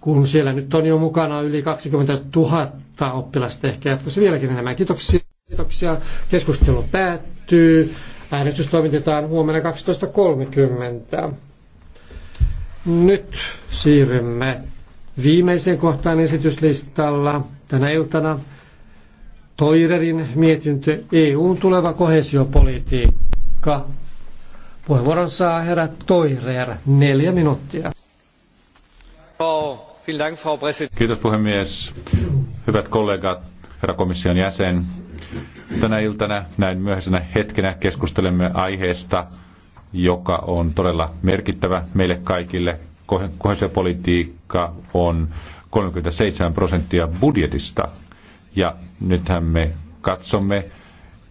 kun siellä nyt on jo mukana yli 20 000 oppilasta, ehkä jatkossa vieläkin enemmän. Kiitoksia. Kiitoksia. Keskustelu päättyy. Äänestys toimitetaan huomenna 12.30. Nyt siirrymme viimeiseen kohtaan esityslistalla tänä iltana. Toirerin mietintö EUn tuleva kohesiopolitiikka. Puheenvuoron saa herra Toirer, neljä minuuttia. Oh. Kiitos puhemies. Hyvät kollegat, herra komission jäsen. Tänä iltana, näin myöhäisenä hetkenä, keskustelemme aiheesta, joka on todella merkittävä meille kaikille. Kohesiopolitiikka on 37 prosenttia budjetista. Ja nythän me katsomme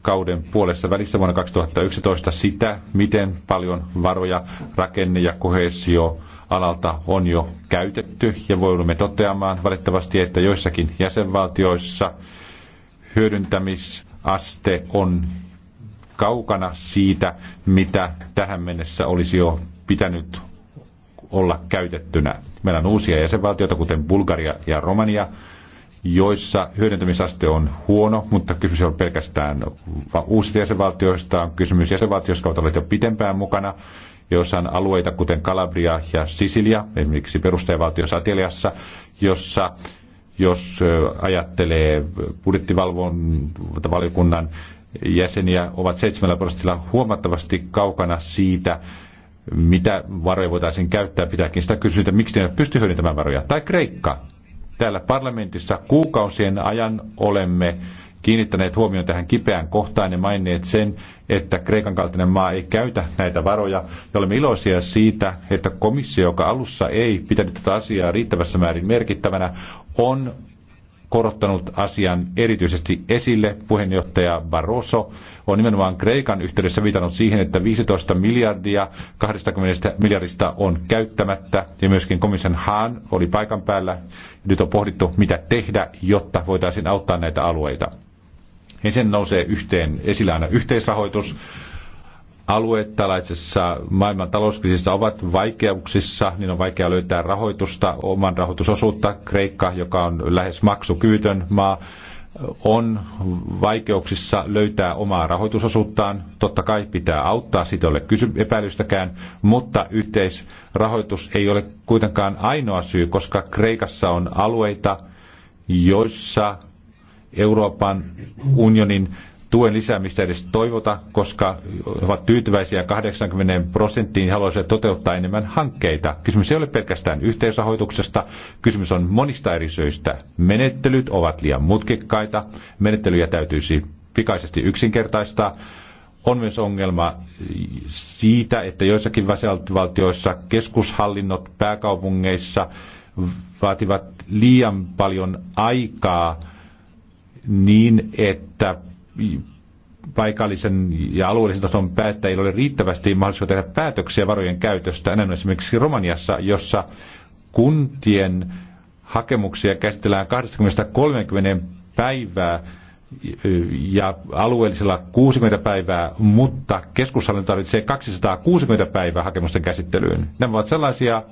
kauden puolessa välissä vuonna 2011 sitä, miten paljon varoja rakenne- ja kohesio alalta on jo käytetty ja voimme toteamaan valitettavasti, että joissakin jäsenvaltioissa hyödyntämisaste on kaukana siitä, mitä tähän mennessä olisi jo pitänyt olla käytettynä. Meillä on uusia jäsenvaltioita, kuten Bulgaria ja Romania, joissa hyödyntämisaste on huono, mutta kysymys on pelkästään uusista jäsenvaltioista, on kysymys jäsenvaltioista, jotka ovat olleet jo pitempään mukana joissa on alueita kuten Kalabria ja Sisilia, esimerkiksi perustajavaltiossa Italiassa, jossa jos ajattelee budjettivalvontavaliokunnan jäseniä, ovat 7 prosentilla huomattavasti kaukana siitä, mitä varoja voitaisiin käyttää, pitääkin sitä kysyä, että miksi ne eivät pysty hyödyntämään varoja. Tai Kreikka. Täällä parlamentissa kuukausien ajan olemme kiinnittäneet huomion tähän kipeään kohtaan ja mainneet sen, että Kreikan kaltainen maa ei käytä näitä varoja. Ja olemme iloisia siitä, että komissio, joka alussa ei pitänyt tätä asiaa riittävässä määrin merkittävänä, on korottanut asian erityisesti esille. Puheenjohtaja Barroso on nimenomaan Kreikan yhteydessä viitannut siihen, että 15 miljardia 20 miljardista on käyttämättä. Ja myöskin komission Haan oli paikan päällä. Nyt on pohdittu, mitä tehdä, jotta voitaisiin auttaa näitä alueita niin sen nousee yhteen esillä aina yhteisrahoitus. Alueet tällaisessa maailman talouskriisissä ovat vaikeuksissa, niin on vaikea löytää rahoitusta, oman rahoitusosuutta. Kreikka, joka on lähes maksukyytön maa, on vaikeuksissa löytää omaa rahoitusosuuttaan. Totta kai pitää auttaa, siitä ei ole kysy- epäilystäkään, mutta yhteisrahoitus ei ole kuitenkaan ainoa syy, koska Kreikassa on alueita, joissa Euroopan unionin tuen lisäämistä edes toivota, koska he ovat tyytyväisiä 80 prosenttiin ja niin haluaisivat toteuttaa enemmän hankkeita. Kysymys ei ole pelkästään yhteisrahoituksesta, kysymys on monista eri syistä. Menettelyt ovat liian mutkikkaita, menettelyjä täytyisi pikaisesti yksinkertaistaa. On myös ongelma siitä, että joissakin valtioissa keskushallinnot pääkaupungeissa vaativat liian paljon aikaa – niin, että paikallisen ja alueellisen tason päättäjillä oli riittävästi mahdollisuus tehdä päätöksiä varojen käytöstä. Näin esimerkiksi Romaniassa, jossa kuntien hakemuksia käsitellään 20-30 päivää ja alueellisella 60 päivää, mutta keskushallinto tarvitsee 260 päivää hakemusten käsittelyyn. Nämä ovat sellaisia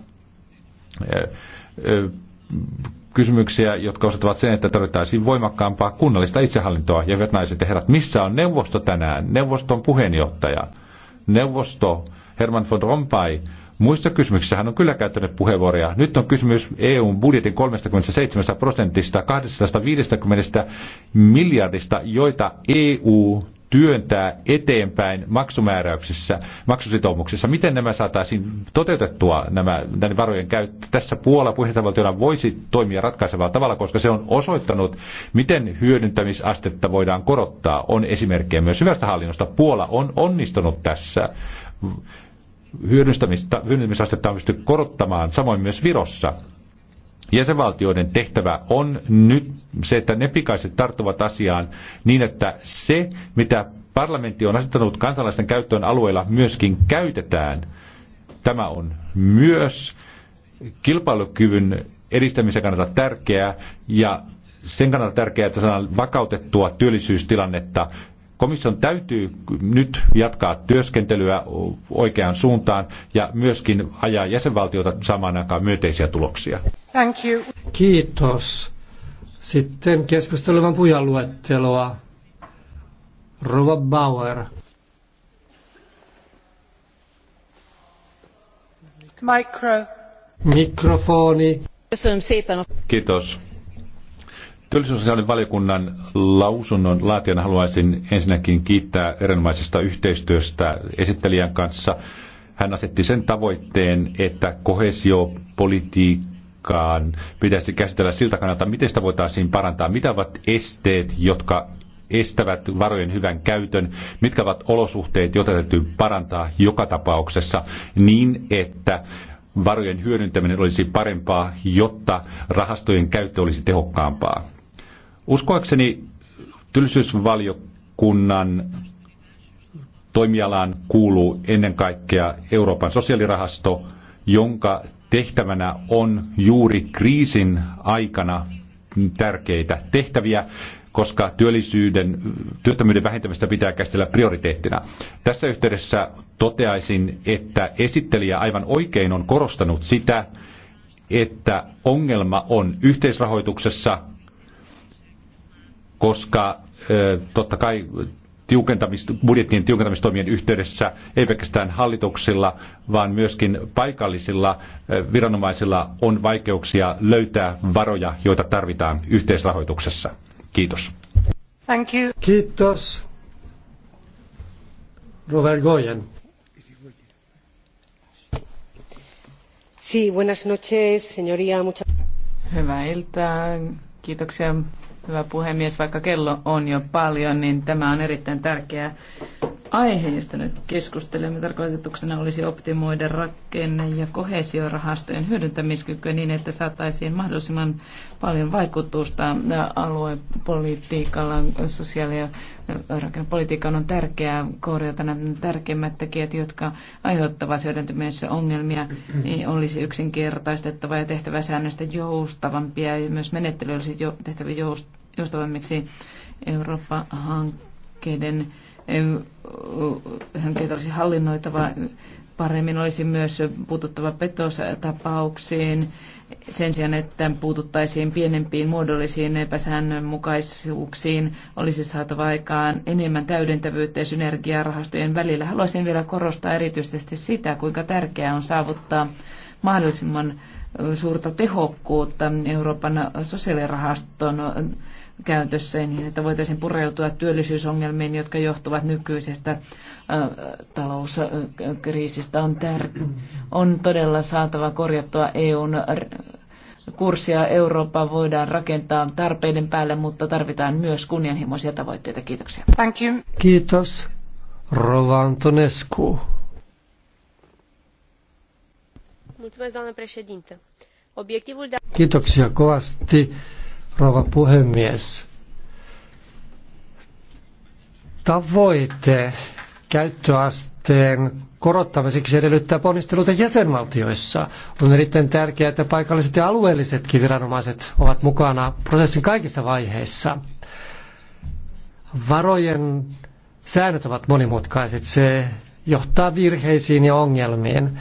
kysymyksiä, jotka osoittavat sen, että tarvittaisiin voimakkaampaa kunnallista itsehallintoa. Ja hyvät naiset ja herrat, missä on neuvosto tänään? Neuvoston puheenjohtaja. Neuvosto Herman von Rompuy. Muista kysymyksissä hän on kyllä käyttänyt puheenvuoroja. Nyt on kysymys EUn budjetin 37 prosentista, 250 miljardista, joita EU työntää eteenpäin maksumääräyksissä, maksusitoumuksissa. Miten nämä saataisiin toteutettua, nämä, näiden varojen käyttö? Tässä Puola puheenjohtajavaltiona voisi toimia ratkaisevalla tavalla, koska se on osoittanut, miten hyödyntämisastetta voidaan korottaa. On esimerkkejä myös hyvästä hallinnosta. Puola on onnistunut tässä. Hyödyntämisastetta on pystytty korottamaan, samoin myös Virossa. Jäsenvaltioiden tehtävä on nyt se, että ne pikaisesti tarttuvat asiaan niin, että se, mitä parlamentti on asettanut kansalaisten käyttöön alueilla, myöskin käytetään. Tämä on myös kilpailukyvyn edistämisen kannalta tärkeää ja sen kannalta tärkeää, että saadaan vakautettua työllisyystilannetta. Komission täytyy nyt jatkaa työskentelyä oikeaan suuntaan ja myöskin ajaa jäsenvaltiota saamaan aikaan myönteisiä tuloksia. Thank you. Kiitos. Sitten keskustelevan puhujan luetteloa. Rova Bauer. Mikro. Mikrofoni. Kiitos. Työllisyysasiallinen valiokunnan lausunnon laatijana haluaisin ensinnäkin kiittää erinomaisesta yhteistyöstä esittelijän kanssa. Hän asetti sen tavoitteen, että kohesiopolitiikka tarkkaan pitäisi käsitellä siltä kannalta, miten sitä voitaisiin parantaa, mitä ovat esteet, jotka estävät varojen hyvän käytön, mitkä ovat olosuhteet, joita täytyy parantaa joka tapauksessa niin, että varojen hyödyntäminen olisi parempaa, jotta rahastojen käyttö olisi tehokkaampaa. Uskoakseni tylsyysvaliokunnan toimialaan kuuluu ennen kaikkea Euroopan sosiaalirahasto, jonka tehtävänä on juuri kriisin aikana tärkeitä tehtäviä, koska työllisyyden, työttömyyden vähentämistä pitää käsitellä prioriteettina. Tässä yhteydessä toteaisin, että esittelijä aivan oikein on korostanut sitä, että ongelma on yhteisrahoituksessa, koska totta kai tiukentamist, budjettien tiukentamistoimien yhteydessä, ei pelkästään hallituksilla, vaan myöskin paikallisilla viranomaisilla on vaikeuksia löytää varoja, joita tarvitaan yhteisrahoituksessa. Kiitos. Thank you. Kiitos. Robert Goyen. Sí, buenas noches, señoría. Mucha... Hyvää iltaa. Kiitoksia Hyvä puhemies, vaikka kello on jo paljon, niin tämä on erittäin tärkeä aihe, josta nyt keskustelemme, tarkoituksena olisi optimoida rakenne- ja kohesiorahastojen hyödyntämiskykyä niin, että saataisiin mahdollisimman paljon vaikutusta aluepolitiikalla, sosiaali- ja rakennepolitiikan on tärkeää korjata nämä tärkeimmät tekijät, jotka aiheuttavat hyödyntämisessä ongelmia, niin olisi yksinkertaistettava ja tehtävä säännöistä joustavampia ja myös menettely olisi jo, tehtävä joustavammiksi Eurooppa-hankkeiden hankkeita olisi hallinnoitava paremmin, olisi myös puututtava petostapauksiin sen sijaan, että puututtaisiin pienempiin muodollisiin epäsäännönmukaisuuksiin, olisi saatava aikaan enemmän täydentävyyttä ja synergiaa rahastojen välillä. Haluaisin vielä korostaa erityisesti sitä, kuinka tärkeää on saavuttaa mahdollisimman suurta tehokkuutta Euroopan sosiaalirahaston käytössä niin, että voitaisiin pureutua työllisyysongelmiin, jotka johtuvat nykyisestä talouskriisistä. On, tär- on todella saatava korjattua EUn kurssia Eurooppa voidaan rakentaa tarpeiden päälle, mutta tarvitaan myös kunnianhimoisia tavoitteita. Kiitoksia. Thank you. Kiitos. Rova Antonescu. Mulțumesc, doamnă președintă. Obiectivul de... Kiitoksia kovasti rouva puhemies. Tavoite käyttöasteen korottamiseksi edellyttää ponnisteluita jäsenvaltioissa. On erittäin tärkeää, että paikalliset ja alueellisetkin viranomaiset ovat mukana prosessin kaikissa vaiheissa. Varojen säännöt ovat monimutkaiset. Se johtaa virheisiin ja ongelmiin.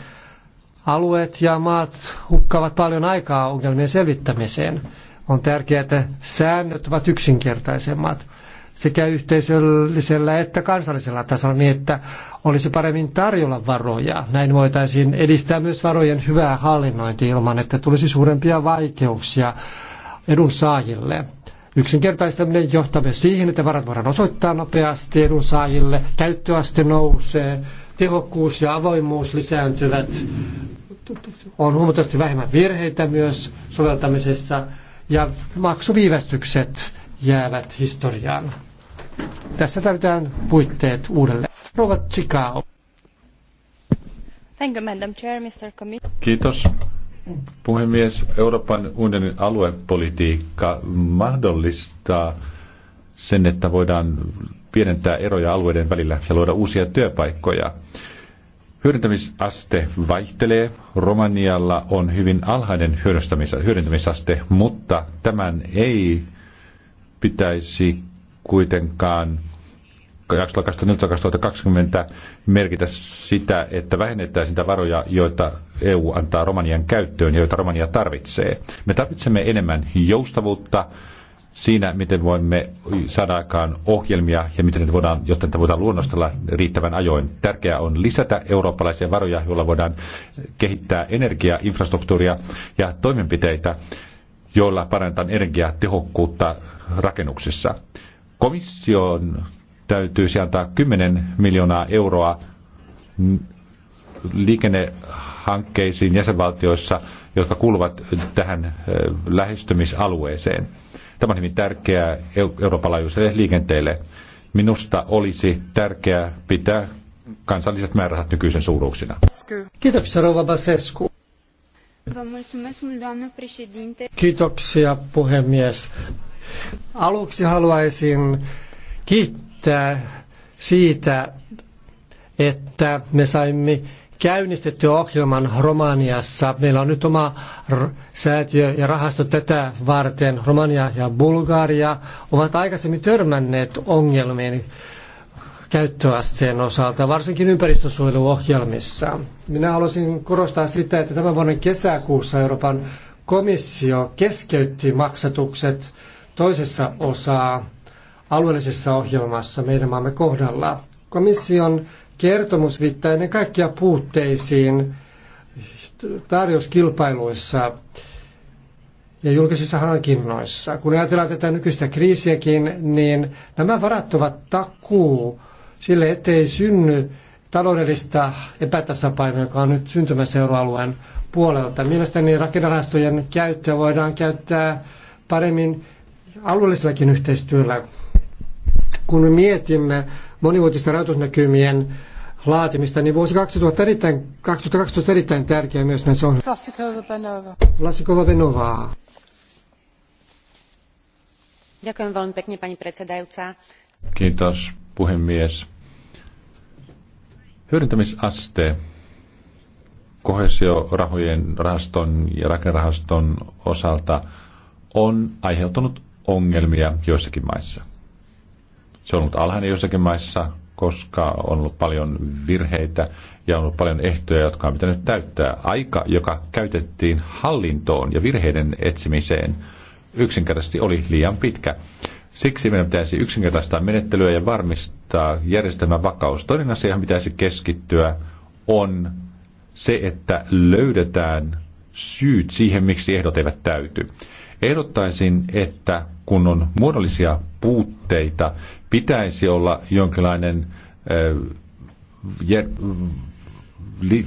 Alueet ja maat hukkaavat paljon aikaa ongelmien selvittämiseen. On tärkeää, että säännöt ovat yksinkertaisemmat sekä yhteisöllisellä että kansallisella tasolla niin, että olisi paremmin tarjolla varoja. Näin voitaisiin edistää myös varojen hyvää hallinnointia ilman, että tulisi suurempia vaikeuksia edunsaajille. Yksinkertaistaminen johtaa myös siihen, että varat voidaan osoittaa nopeasti edunsaajille, käyttöaste nousee, tehokkuus ja avoimuus lisääntyvät, on huomattavasti vähemmän virheitä myös soveltamisessa – ja maksuviivästykset jäävät historiaan. Tässä tarvitaan puitteet uudelleen. Rova Chicago. Thank you, Madam Chair, Mr. Kiitos. Puhemies, Euroopan unionin aluepolitiikka mahdollistaa sen, että voidaan pienentää eroja alueiden välillä ja luoda uusia työpaikkoja. Hyödyntämisaste vaihtelee. Romanialla on hyvin alhainen hyödyntämisaste, mutta tämän ei pitäisi kuitenkaan 2014-2020 merkitä sitä, että vähennetään sitä varoja, joita EU antaa Romanian käyttöön ja joita Romania tarvitsee. Me tarvitsemme enemmän joustavuutta siinä, miten voimme saada aikaan ohjelmia ja miten ne voidaan, jotta niitä voidaan luonnostella riittävän ajoin. Tärkeää on lisätä eurooppalaisia varoja, joilla voidaan kehittää energiainfrastruktuuria infrastruktuuria ja toimenpiteitä, joilla parannetaan energiatehokkuutta rakennuksissa. Komission täytyy antaa 10 miljoonaa euroa liikennehankkeisiin jäsenvaltioissa, jotka kuuluvat tähän lähestymisalueeseen. Tämä on hyvin tärkeää Euroopan laajuiselle liikenteelle. Minusta olisi tärkeää pitää kansalliset määrärahat nykyisen suuruuksina. Kiitoksia, Rova Basescu. Kiitoksia, puhemies. Aluksi haluaisin kiittää siitä, että me saimme käynnistetty ohjelman Romaniassa. Meillä on nyt oma säätiö ja rahasto tätä varten. Romania ja Bulgaria ovat aikaisemmin törmänneet ongelmiin käyttöasteen osalta, varsinkin ympäristösuojeluohjelmissa. Minä haluaisin korostaa sitä, että tämän vuoden kesäkuussa Euroopan komissio keskeytti maksatukset toisessa osaa alueellisessa ohjelmassa meidän maamme kohdalla. Komission kertomus viittaa ennen kaikkea puutteisiin tarjouskilpailuissa ja julkisissa hankinnoissa. Kun ajatellaan tätä nykyistä kriisiäkin, niin nämä varat ovat takuu sille, ettei synny taloudellista epätasapainoa, joka on nyt syntymässä euroalueen puolelta. Mielestäni rakennerahastojen käyttöä voidaan käyttää paremmin alueellisellakin yhteistyöllä kun me mietimme monivuotisten rahoitusnäkymien laatimista, niin vuosi 2000 erittäin, 2012 erittäin tärkeä myös näissä on. Vlasikova Benovaa. Kiitos puhemies. Hyödyntämisaste kohesiorahojen rahaston ja rakennerahaston osalta on aiheuttanut ongelmia joissakin maissa. Se on ollut alhainen jossakin maissa, koska on ollut paljon virheitä ja on ollut paljon ehtoja, jotka on pitänyt täyttää. Aika, joka käytettiin hallintoon ja virheiden etsimiseen, yksinkertaisesti oli liian pitkä. Siksi meidän pitäisi yksinkertaistaa menettelyä ja varmistaa järjestelmän vakaus. Toinen asia, johon pitäisi keskittyä, on se, että löydetään syyt siihen, miksi ehdot eivät täyty. Ehdottaisin, että kun on muodollisia puutteita, pitäisi olla jonkinlainen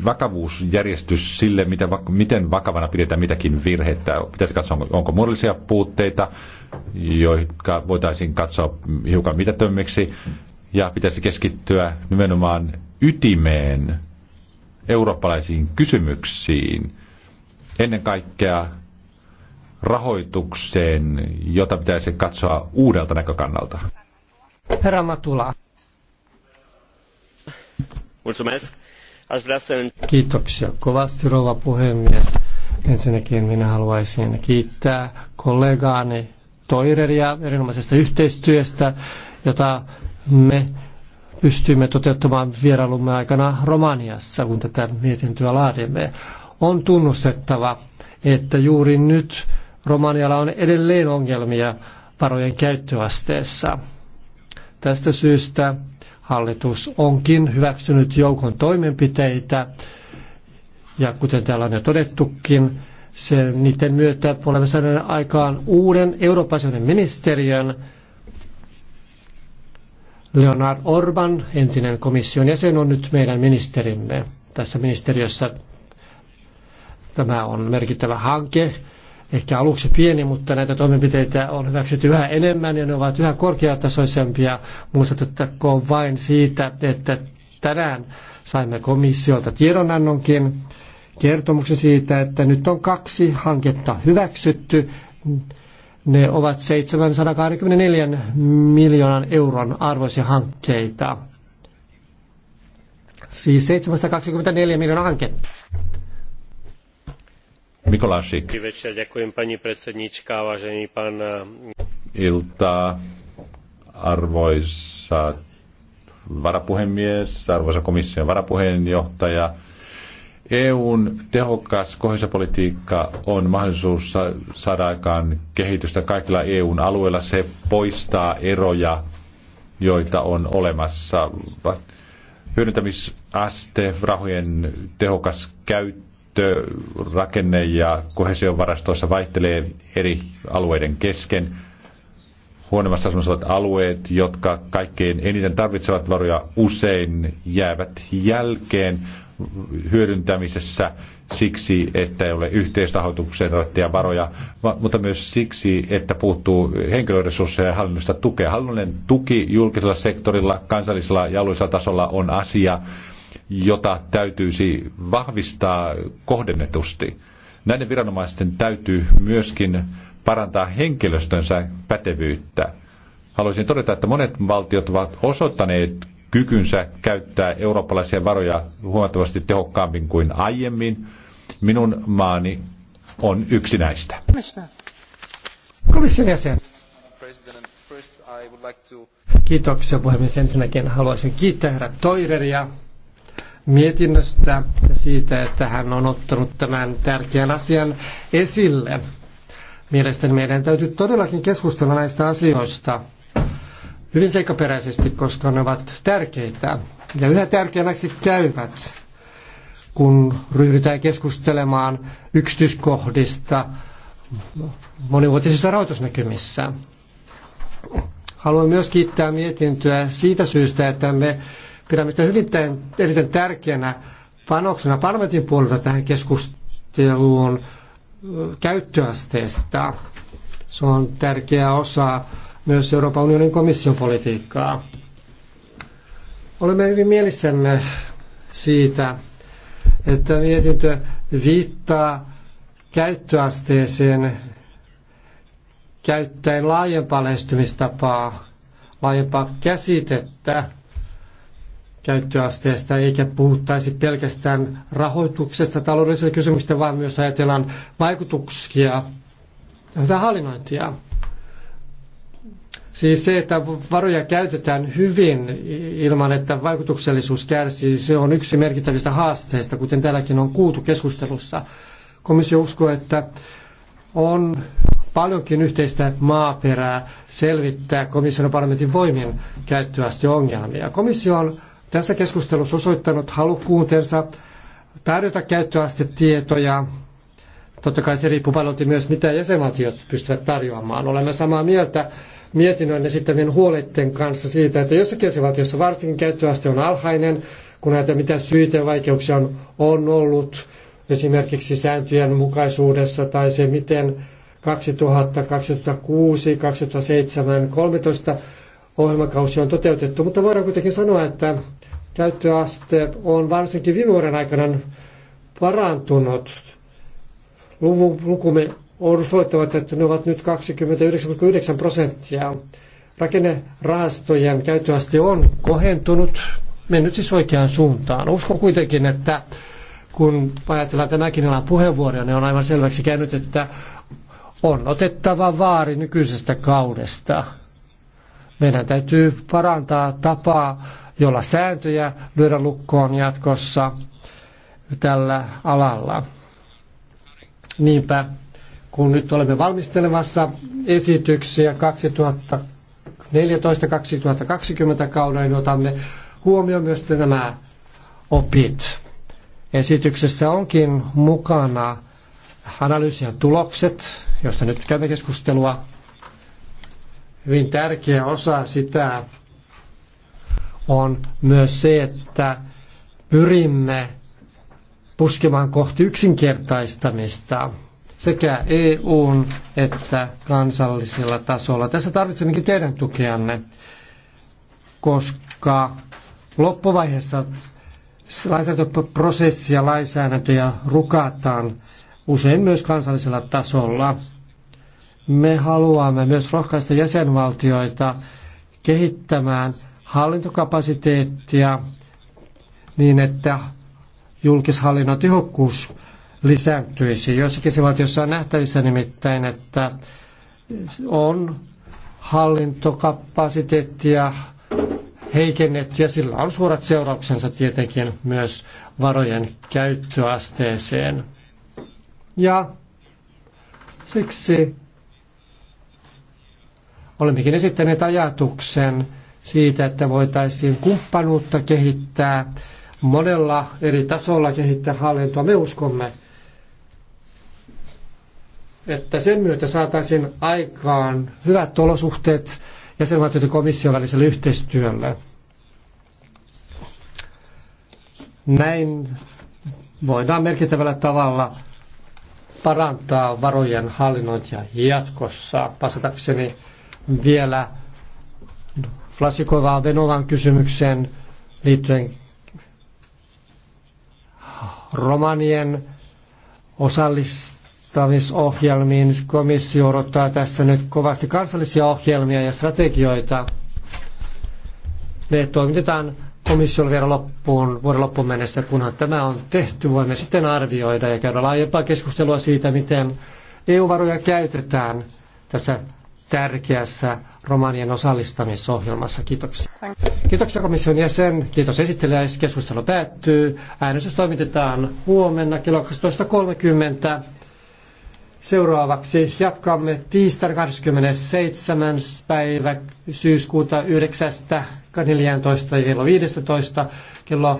vakavuusjärjestys sille, mitä, miten vakavana pidetään mitäkin virhettä. Pitäisi katsoa, onko, onko muodollisia puutteita, jotka voitaisiin katsoa hiukan mitätömmiksi, ja pitäisi keskittyä nimenomaan ytimeen, eurooppalaisiin kysymyksiin, ennen kaikkea rahoitukseen, jota pitäisi katsoa uudelta näkökannalta? Herra Matula. Kiitoksia kovasti, rouva puhemies. Ensinnäkin minä haluaisin kiittää kollegaani Toireria erinomaisesta yhteistyöstä, jota me pystyimme toteuttamaan vierailumme aikana Romaniassa, kun tätä mietintöä laadimme. On tunnustettava, että juuri nyt Romanialla on edelleen ongelmia varojen käyttöasteessa. Tästä syystä hallitus onkin hyväksynyt joukon toimenpiteitä, ja kuten täällä on jo todettukin, se, niiden myötä olemme saaneet aikaan uuden eurooppaisen ministeriön, Leonard Orban, entinen komission jäsen, on nyt meidän ministerimme tässä ministeriössä. Tämä on merkittävä hanke, ehkä aluksi pieni, mutta näitä toimenpiteitä on hyväksytty yhä enemmän ja ne ovat yhä korkeatasoisempia. Muistutettakoon vain siitä, että tänään saimme komissiolta tiedonannonkin kertomuksen siitä, että nyt on kaksi hanketta hyväksytty. Ne ovat 724 miljoonan euron arvoisia hankkeita. Siis 724 miljoonaa hanketta arvoisa varapuhemies, arvoisa komission varapuheenjohtaja. EUn tehokas kohesiopolitiikka on mahdollisuus saada aikaan kehitystä kaikilla EUn alueilla. Se poistaa eroja, joita on olemassa. Hyödyntämisaste, rahojen tehokas käyttö, rakenne- ja kohesiovarastoissa vaihtelee eri alueiden kesken. Huonommassa asemassa olevat alueet, jotka kaikkein eniten tarvitsevat varoja, usein jäävät jälkeen hyödyntämisessä siksi, että ei ole yhteisrahoitukseen rajoittajia varoja, mutta myös siksi, että puuttuu henkilöresursseja ja hallinnollista tukea. Hallinnollinen tuki julkisella sektorilla, kansallisella ja alueellisella tasolla on asia, jota täytyisi vahvistaa kohdennetusti. Näiden viranomaisten täytyy myöskin parantaa henkilöstönsä pätevyyttä. Haluaisin todeta, että monet valtiot ovat osoittaneet kykynsä käyttää eurooppalaisia varoja huomattavasti tehokkaammin kuin aiemmin. Minun maani on yksi näistä. Komission jäsen. Kiitoksia puhemies. Ensinnäkin haluaisin kiittää herra Toireria mietinnöstä ja siitä, että hän on ottanut tämän tärkeän asian esille. Mielestäni meidän täytyy todellakin keskustella näistä asioista hyvin seikkaperäisesti, koska ne ovat tärkeitä ja yhä tärkeämmäksi käyvät, kun ryhdytään keskustelemaan yksityiskohdista monivuotisissa rahoitusnäkymissä. Haluan myös kiittää mietintöä siitä syystä, että me Pidämme sitä hyvin tämän, erittäin tärkeänä panoksena parlamentin puolelta tähän keskusteluun käyttöasteesta. Se on tärkeä osa myös Euroopan unionin komission politiikkaa. Olemme hyvin mielissämme siitä, että mietintö viittaa käyttöasteeseen käyttäen laajempaa lähestymistapaa, laajempaa käsitettä käyttöasteesta, eikä puhuttaisi pelkästään rahoituksesta taloudellisista kysymyksistä, vaan myös ajatellaan vaikutuksia ja hyvää hallinnointia. Siis se, että varoja käytetään hyvin ilman, että vaikutuksellisuus kärsii, se on yksi merkittävistä haasteista, kuten täälläkin on kuultu keskustelussa. Komissio uskoo, että on paljonkin yhteistä maaperää selvittää komission ja parlamentin voimin käyttöaste ongelmia. Komission on tässä keskustelussa osoittanut halukkuutensa tarjota käyttöastetietoja. Totta kai se riippuu paljon myös, mitä jäsenvaltiot pystyvät tarjoamaan. Olemme samaa mieltä mietinnön esittävien huoleiden kanssa siitä, että jossakin jäsenvaltiossa varsinkin käyttöaste on alhainen, kun näitä mitä syitä ja vaikeuksia on, on ollut esimerkiksi sääntöjen mukaisuudessa tai se, miten 2000, 2006, 2007, 2013 ohjelmakausi on toteutettu, mutta voidaan kuitenkin sanoa, että käyttöaste on varsinkin viime vuoden aikana parantunut. Luvun lukumme osoittavat, että ne ovat nyt 29,9 prosenttia. Rakennerahastojen käyttöaste on kohentunut, mennyt siis oikeaan suuntaan. Uskon kuitenkin, että kun ajatellaan tämäkin alan puheenvuoroja, niin on aivan selväksi käynyt, että on otettava vaari nykyisestä kaudesta. Meidän täytyy parantaa tapaa, jolla sääntöjä lyödä lukkoon jatkossa tällä alalla. Niinpä, kun nyt olemme valmistelemassa esityksiä 2014-2020 kaudella, niin otamme huomioon myös nämä opit. Esityksessä onkin mukana analyysien tulokset, josta nyt käymme keskustelua, Hyvin tärkeä osa sitä on myös se, että pyrimme puskemaan kohti yksinkertaistamista sekä EUn että kansallisella tasolla. Tässä tarvitsemmekin teidän tukeanne, koska loppuvaiheessa lainsäädäntöprosessia, lainsäädäntöjä rukataan usein myös kansallisella tasolla. Me haluamme myös rohkaista jäsenvaltioita kehittämään hallintokapasiteettia niin, että julkishallinnon tehokkuus lisääntyisi. Joissakin se valtiossa on nähtävissä nimittäin, että on hallintokapasiteettia heikennetty ja sillä on suorat seurauksensa tietenkin myös varojen käyttöasteeseen. Ja siksi Olemmekin esittäneet ajatuksen siitä, että voitaisiin kumppanuutta kehittää, monella eri tasolla kehittää hallintoa. Me uskomme, että sen myötä saataisiin aikaan hyvät olosuhteet jäsenvaltioiden ja komission väliselle yhteistyölle. Näin voidaan merkittävällä tavalla parantaa varojen hallinnointia jatkossa. Vastatakseni vielä Flasikovaa Venovan kysymykseen liittyen romanien osallistamisohjelmiin. Komissio odottaa tässä nyt kovasti kansallisia ohjelmia ja strategioita. Ne toimitetaan komissiolle vielä loppuun, vuoden loppuun mennessä, kunhan tämä on tehty, voimme sitten arvioida ja käydä laajempaa keskustelua siitä, miten EU-varoja käytetään tässä tärkeässä romanien osallistamisohjelmassa. Kiitoksia. Kiitoksia komission jäsen. Kiitos esittelijä. Keskustelu päättyy. Äänestys toimitetaan huomenna kello 12.30. Seuraavaksi jatkamme tiistaina 27. päivä syyskuuta 9. 14. kello 15. kello